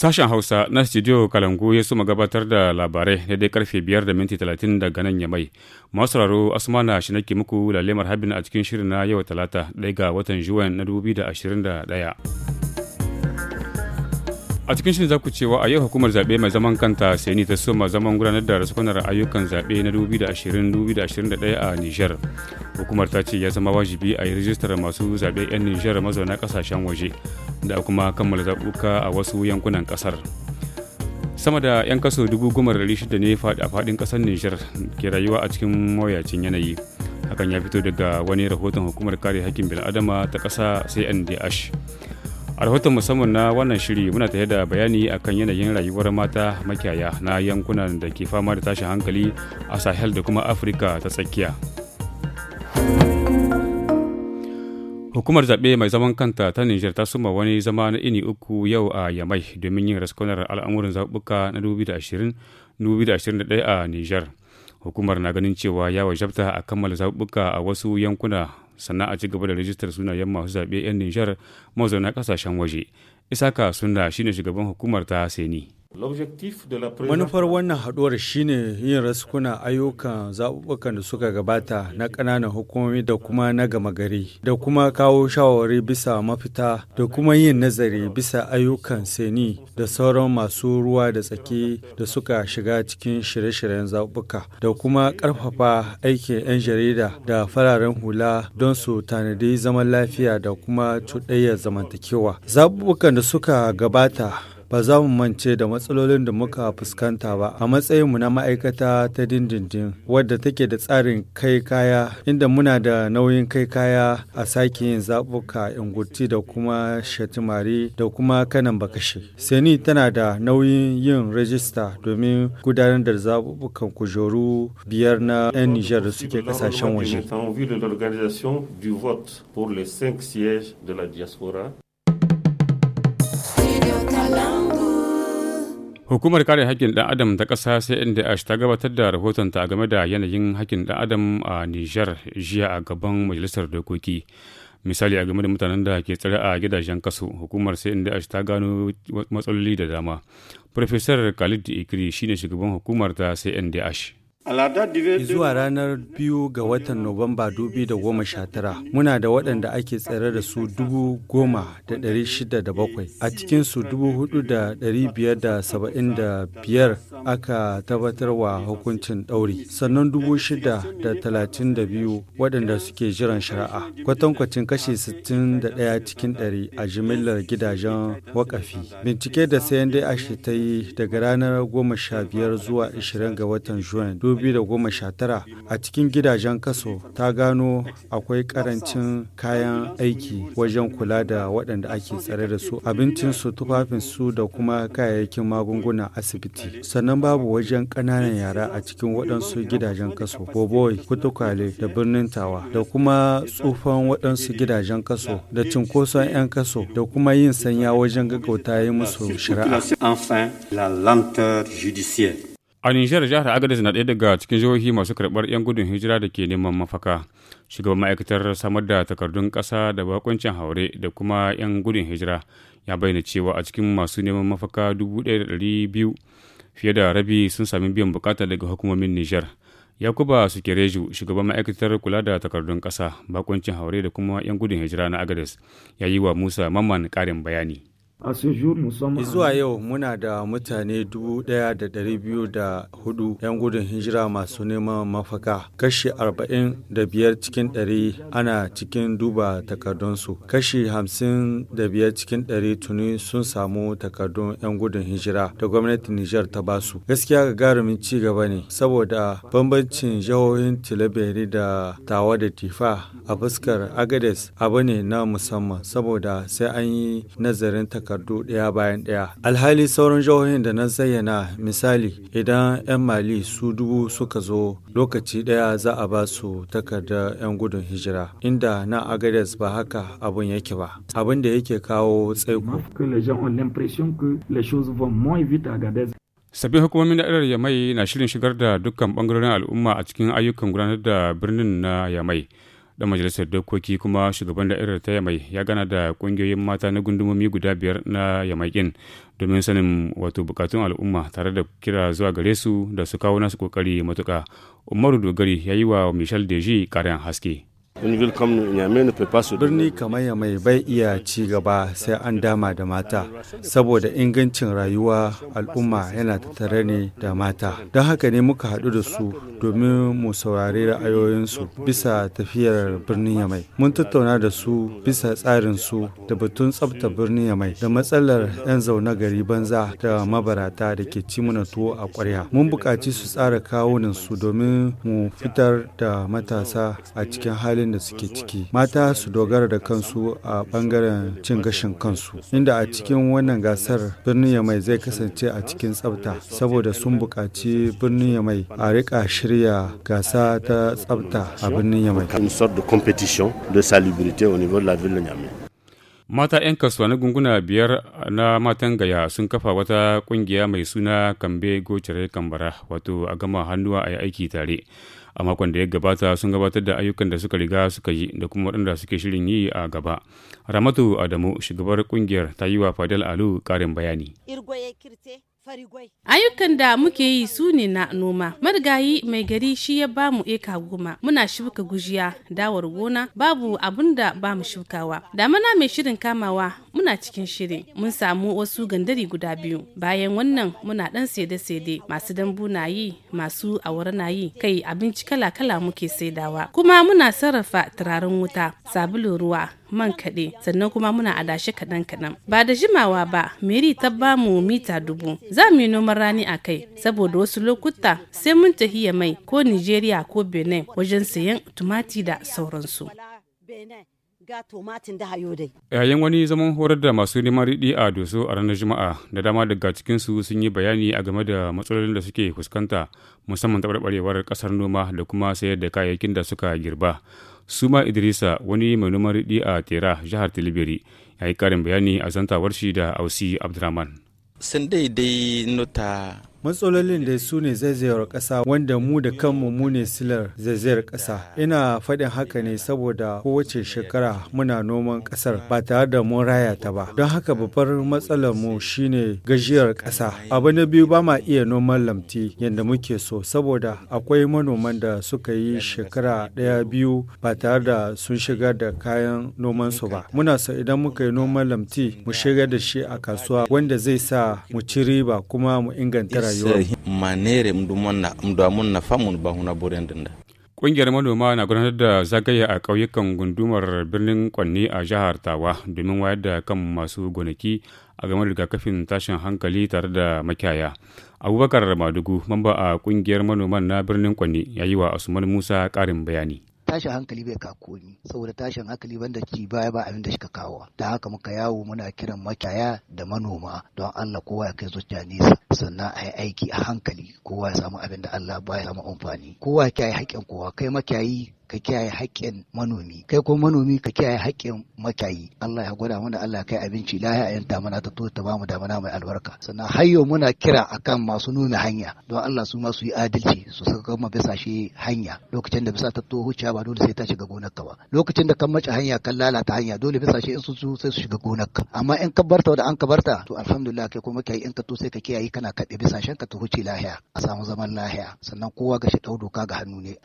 Sashen Hausa na Studio Kalangu ya suma gabatar da labarai dai karfe 5 da minti 30 daga nan ya mai Masu sauraro Asmana shi nake muku lalemar habin a cikin shirin na yau Talata ɗaya ga watan Juwan na da 2021. a cikin shirin za ku cewa a yau hukumar zaɓe mai zaman kanta seni ta soma zaman gudanar da rasukunar ayyukan zaɓe na 2020-2021 a nijar hukumar ta ce ya zama wajibi a yi rijistar masu zaɓe 'yan nijar mazauna ƙasashen waje da kuma kammala zaɓuka a wasu yankunan ƙasar sama da 'yan kaso dubu goma da ne a faɗin ƙasar nijar ke rayuwa a cikin mawuyacin yanayi hakan ya fito daga wani rahoton hukumar kare hakkin bil'adama ta ƙasa cndh a rahoton musamman na wannan shiri muna tare da bayani akan yanayin rayuwar mata makiyaya na yankunan da ke fama da tashin hankali a sahel da kuma afirka ta tsakiya hukumar zaɓe mai zaman kanta ta niger ta suma wani zama na ini uku yau a yamai domin yin raskunar al'amuran zaɓuɓɓuka na 2021 a niger hukumar na ganin cewa ya wajabta a kammala zaɓuɓɓuka a wasu yankuna sannan a ci gaba da rajistar sunayen masu zaɓe 'yan nijar mazauna ƙasashen waje isaka suna shine shugaban hukumar ta seni Manufar wannan haduwar shine yin raskuna ayyukan zaɓuɓɓukan da suka gabata na ƙananan hukumomi da kuma na gama gari, da kuma kawo shawarwari bisa mafita da kuma yin nazari bisa ayyukan seni da sauran masu ruwa da tsaki da suka shiga cikin shirye-shiryen zaɓuɓɓuka, da kuma ƙarfafa aikin 'yan jarida da fararen hula don su tanadi zaman lafiya da kuma cuɗayyar zamantakewa. Zaɓuɓɓukan da suka gabata ba za mu mance da matsalolin da muka fuskanta ba a matsayinmu na ma'aikata ta dindindin wadda take da tsarin kai kaya inda muna da nauyin kai kaya a sake yin zaɓuka inguti da kuma shatimari da kuma kanan bakashi. Seni tana da nauyin yin rajista domin gudanar da zaɓuɓɓukan kujeru biyar na 'yan Nijar da suke kasashen waje. Hukumar kare haƙƙin ɗan Adam ta ƙasa CNDH ta gabatar da rahoton rahotonta game da yanayin haƙƙin ɗan Adam a Nijar jiya a gaban Majalisar Dokoki. Misali a game da mutanen da ke tsare a gidajen kasu hukumar CNDH ta gano matsaloli da dama. Profesor Khalid Ikri shine shugaban hukumar ta CNDH. Zuwa ranar biyu ga watan Nuwamba 2019 muna da waɗanda ake tsare da su dubu goma da ɗari shida da bakwai a cikin su dubu hudu da ɗari biyar da saba'in da biyar aka tabbatar wa hukuncin ɗauri sannan dubu shida da talatin da biyu waɗanda suke jiran shari'a kwatankwacin kashi sittin da ɗaya cikin ɗari a jimillar gidajen wakafi bincike da sayan dai ashe ta yi daga ranar goma sha biyar zuwa ishirin ga watan juan 2019 a cikin gidajen kaso ta gano akwai karancin kayan aiki wajen kula da waɗanda ake tsare da su abincinsu tufafinsu da kuma kayayyakin magunguna asibiti sannan babu wajen ƙananan yara a cikin waɗansu gidajen kaso boboi kutukale da birnin tawa da kuma tsufan waɗansu gidajen kaso da cinkoson 'yan kaso da kuma yin sanya wajen gaggauta yi musu shari'a A Nijar jihar Agadez na ɗaya daga cikin jihohi masu karɓar 'yan gudun hijira da ke neman mafaka. Shugaban ma'aikatar samar da takardun ƙasa da bakuncin haure da kuma 'yan gudun hijira ya bayyana cewa a cikin masu neman mafaka dubu ɗaya da ɗari biyu fiye da rabi sun sami biyan bukata daga hukumomin Nijar. Yakuba Sukereju, shugaban ma'aikatar kula da takardun ƙasa, bakuncin haure da kuma 'yan gudun hijira na Agadez, ya yi wa Musa mamman ƙarin bayani. a Zuwa yau muna da mutane 1,204 'yan gudun hijira masu neman mafaka. Kashi 45 cikin 100 ana cikin duba takardunsu. Kashi 55 cikin 100 tuni sun samu takardun 'yan gudun hijira da gwamnatin Nijar ta basu. Gaskiya gagarumin ci gaba ne saboda bambancin jihohin Tilaberi da Tawa da Tifa a fuskar Agades abu ne na musamman saboda sai an yi nazarin takardun takardu ɗaya bayan ɗaya. Alhali sauran jihohin da na zayyana misali idan 'yan Mali su dubu suka zo lokaci ɗaya za a ba su takardar 'yan gudun hijira inda na Agadez ba haka abun yake ba. Abin da yake kawo tsaiko. Sabbin hukumomin da da'irar Yamai na shirin shigar da dukkan bangarorin al'umma a cikin ayyukan gudanar da birnin na Yamai. dan majalisar dokoki kuma shugaban da'irar ta yamai ya gana da kungiyoyin mata na gundumomi guda biyar na yamaikin domin sanin wato bukatun al'umma tare da kira zuwa gare su da su kawo nasu kokari matuka umaru dogari ya yi wa michel deji karen haske Birni kamar ya mai bai iya ci gaba sai an dama da mata, saboda ingancin rayuwa al'umma yana tattare ne da mata. Don haka ne muka haɗu da su domin mu saurari ra'ayoyinsu bisa tafiyar birnin Yamai. Mun tattauna da su bisa tsarin su da batun tsabta birnin Yamai da matsalar 'yan zaune gari banza da mabarata da ke ci mana tuwo a ƙwarya. Mun buƙaci su tsara kawunan su domin mu fitar da matasa a cikin halin da suke ciki mata su dogara da kansu a bangaren cin gashin kansu inda a cikin wannan gasar birnin yamai zai kasance a cikin tsafta saboda sun buƙaci birnin yamai a rika shirya gasa ta tsafta a birnin yamai Mata 'yan na gunguna biyar na matan gaya sun kafa wata kungiya mai suna Kambe gocere Kambara wato a gama hannuwa a aiki tare. A makon da ya gabata sun gabatar da ayyukan da suka riga suka yi da kuma waɗanda suke shirin yi a gaba. Ramatu Adamu shugabar kungiyar ta yi wa Fadel Alu karin bayani. Ayyukan da muke yi su ne na noma. Marigayi mai gari shi ya ba mu eka goma. Muna shuka gujiya, dawar gona, babu abun da ba mu shukawa. Damana mai shirin kamawa muna cikin shiri mun samu wasu gandari guda biyu bayan wannan muna dan saide-saide masu dambu na yi masu awara na yi kai abinci kala-kala muke saidawa kuma muna sarrafa turaren wuta sabulun ruwa man kaɗe sannan kuma muna adashi kaɗan kaɗan ba da jimawa ba meri ta ba mu mita dubu za mu yi noman rani a kai saboda wasu lokuta sai mun tahiya mai ko nigeria ko benin wajen sayan tumati da sauransu ga tomatin da hayo dai. Yayin wani zaman horar da masu neman riɗi a Doso a ranar Juma'a da dama daga cikinsu sun yi bayani a game da matsalolin da suke fuskanta musamman taɓarɓarewar ƙasar noma da kuma sayar da kayayyakin da suka girba. Suma Idrisa wani mai noman riɗi a Tera jihar Tilibiri ya yi ƙarin bayani a zantawar shi da Ausi Abdurrahman. Sun daidai nota matsalolin da su ne zaizayar ƙasa wanda mu da kanmu mu ne silar zaizayar ƙasa ina faɗin haka ne saboda kowace shekara muna noman ƙasar ba tare da mun raya ta ba don haka babbar matsalar mu shine gajiyar ƙasa abu na biyu ba ma iya noman lamti yadda muke so saboda akwai manoman da suka yi shekara ɗaya biyu ba tare da sun shigar da kayan nomansu ba muna so idan muka yi noman lamti mu shigar da shi a kasuwa wanda zai sa mu ci riba kuma mu inganta rayuwa Ƙungiyar manoma na gudanar da zagaya a ƙauyukan gundumar birnin Kwanni a jihar Tawa domin wayar da kan masu gonaki a game da rigakafin tashin hankali tare da makiyaya. Abubakar Madugu, mamba a ƙungiyar manoman na birnin Kwanne, ya yi wa Usman Musa ƙarin bayani. tashin hankali bai ka komi saboda tashin hankali banda ci baya ba abin da shi ka kawo da haka muka yawo muna kiran makiyaya da manoma don Allah kowa ya kai zuciya nesa sannan a yi aiki a hankali kowa ya samu abin da Allah ba ya samu amfani kowa ya kiyaye haƙƙin kowa kai makiyayi ka kiyaye haƙƙin manomi kai ko manomi ka kiyaye haƙƙin makiyayi Allah ya gwada mana Allah ya kai abinci lahiya yan mana ta to ta bamu mana mai albarka sannan hayyo muna kira akan masu nuna hanya don Allah su ma su yi adalci su saka kuma bisa shi hanya lokacin da bisa ta to ba dole sai ta shiga gonarka ba lokacin da kan mace hanya kan lalata hanya dole bisa shi in su sai su shiga gonarka amma in ka barta da an ka barta to alhamdulillah kai kuma kai in ka to sai ka kiyaye kana kaɗe bisa shanka ta huce lahiya a samu zaman lahiya sannan kowa ga shi ɗau doka ga hannu ne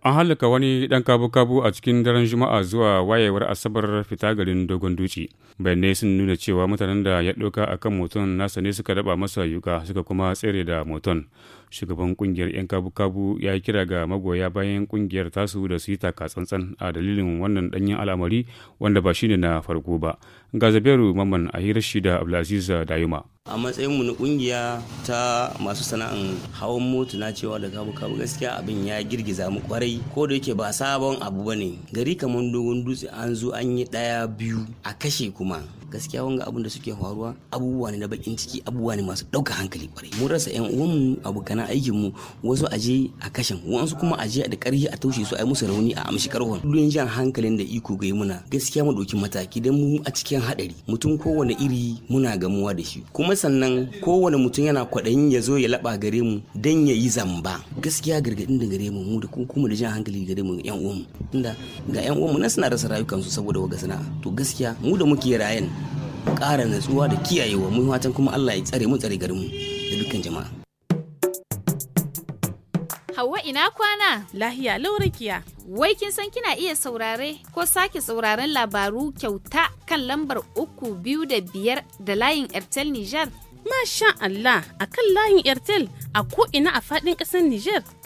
An halaka wani dan kabu-kabu a cikin daren Juma'a zuwa wayewar Asabar fita garin Dogon Duci. Bayanai sun nuna cewa mutanen da ya ɗauka a kan moton nasa ne suka daba masa yuka suka kuma tsere da moton. Shugaban ƙungiyar 'yan kabu-kabu ya yi kira ga magoya bayan ƙungiyar tasu da su yi taka tsantsan a dalilin wannan ɗanyen al'amari wanda ba shi ne na farko ba. Ga a hirar shi da Abdulaziz Dayuma. a matsayin mu na kungiya ta masu sana'an hawan mota na cewa da kabu kabu gaskiya abin ya girgiza mu kwarai ko da yake ba sabon abu bane gari kamar dogon dutse an zo an yi daya biyu a kashe kuma gaskiya wanga abun da suke faruwa abubuwa ne na bakin ciki abubuwa ne masu ɗauka hankali kwarai mun rasa yan uwanmu abokanan aikin mu wasu aje a kashin wasu kuma aje da karhi a taushe su a musu rauni a amshi karhon duk jan hankalin da iko ga muna gaskiya mu dauki mataki dan mu a cikin haɗari mutum kowane iri muna gamuwa da shi kuma sannan kowane mutum yana kwaɗayin ya zo ya laba gare mu dan ya yi zamba gaskiya gargadin da gare mu mu da kuma da jan hankali gare mu yan mu tunda ga yan mu nan suna rasa rayukansu saboda waga to gaskiya mu da muke rayan ƙara natsuwa da kiyayewa mun fatan kuma Allah ya tsare mu tsare garinmu da dukkan jama'a. Hauwa ina kwana? Lahiya laurakiya. Wai kin san kina iya saurare ko sake sauraren labaru kyauta kan lambar uku biyu da biyar da layin Airtel Niger? Masha Allah a kan layin Airtel a ko ina a faɗin ƙasar Niger.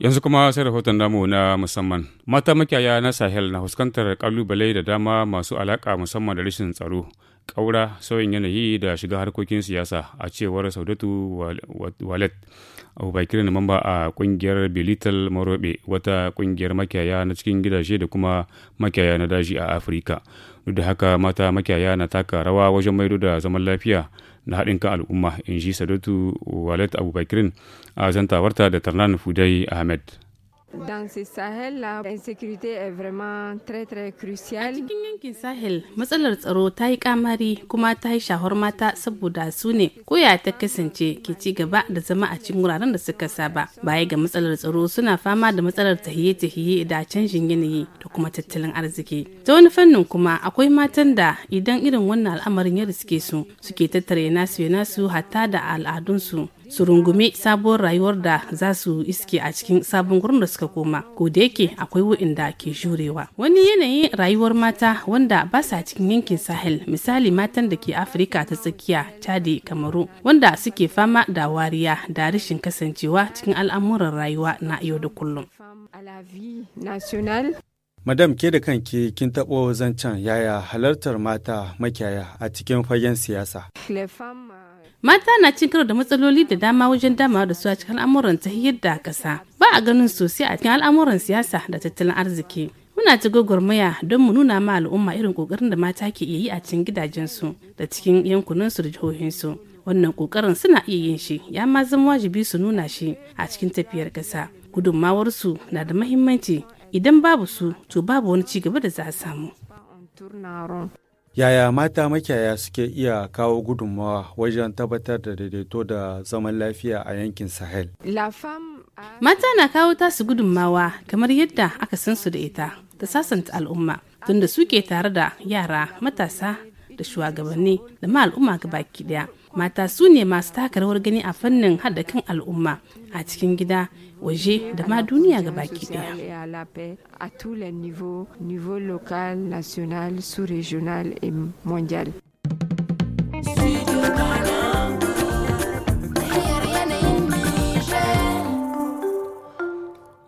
yanzu kuma sai rahoton damu na musamman mata makiyaya na sahel na fuskantar kalubale da dama masu alaka musamman da rashin tsaro ƙaura sauyin yanayi da shiga harkokin siyasa a cewar saudatu walet abubakir na mamba a kungiyar belital marobe wata kungiyar makiyaya na cikin gidaje da kuma makiyaya na daji a afirka duk da haka mata makiyaya na taka rawa wajen maido da zaman lafiya na haɗin kan al'umma in ji sadatu walet abubakirin a zantawarta da tarnan fudai ahmed Dans ce Sahel, la insécurité est vraiment très très cruciale. A cikin yankin Sahel, matsalar tsaro ta yi kamari kuma ta yi shahar mata saboda su ne koya ta kasance ke ci gaba da zama a cikin wuraren da suka saba. Baya ga matsalar tsaro suna fama da matsalar tahiye-tahiye da canjin yanayi da kuma tattalin arziki. Ta wani fannin kuma akwai matan da idan irin wannan al'amarin ya riske su suke tattare nasu nasu hatta da al'adunsu su rungumi sabuwar rayuwar da za su iske a cikin sabon gurin da suka koma ko da yake akwai wa'inda ke jurewa wani yanayin rayuwar mata wanda ba sa cikin yankin sahel misali matan da ke afirka ta tsakiya chadi kamaru wanda suke fama da wariya da rashin kasancewa cikin al'amuran rayuwa na yau da kullum Madam ke da kanki kin taɓo zancen yaya halartar mata makiyaya a cikin fagen siyasa. mata na cin karo da matsaloli da dama wajen damawa da su a cikin al'amuran ta da ƙasa ba a ganin sosai a cikin al'amuran siyasa da tattalin arziki muna ta gwagwarmaya don mu nuna ma al'umma irin kokarin da mata ke iya yi a cikin gidajensu da cikin yankunansu da jihohin su, wannan kokarin suna iya yin shi ya ma zama wajibi su nuna shi a cikin tafiyar ƙasa gudunmawarsu na da mahimmanci idan babu su to babu wani ci gaba da za a samu Yaya mata makiyaya suke iya kawo gudunmawa wajen tabbatar da daidaito da zaman lafiya a yankin Sahel? Mata na kawo tasu gudunmawa kamar yadda aka san su da ita ta sasanta al'umma tunda suke tare da yara matasa da shugabanni da ma al'umma baki daya. mata su ne masu taka rawar gani a fannin haɗa kan al'umma a cikin gida waje da ma duniya ga baki daya.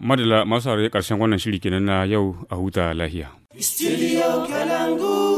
Madala masu karshen wannan shiri kenan na yau a huta lahiya. Studio Kalangu.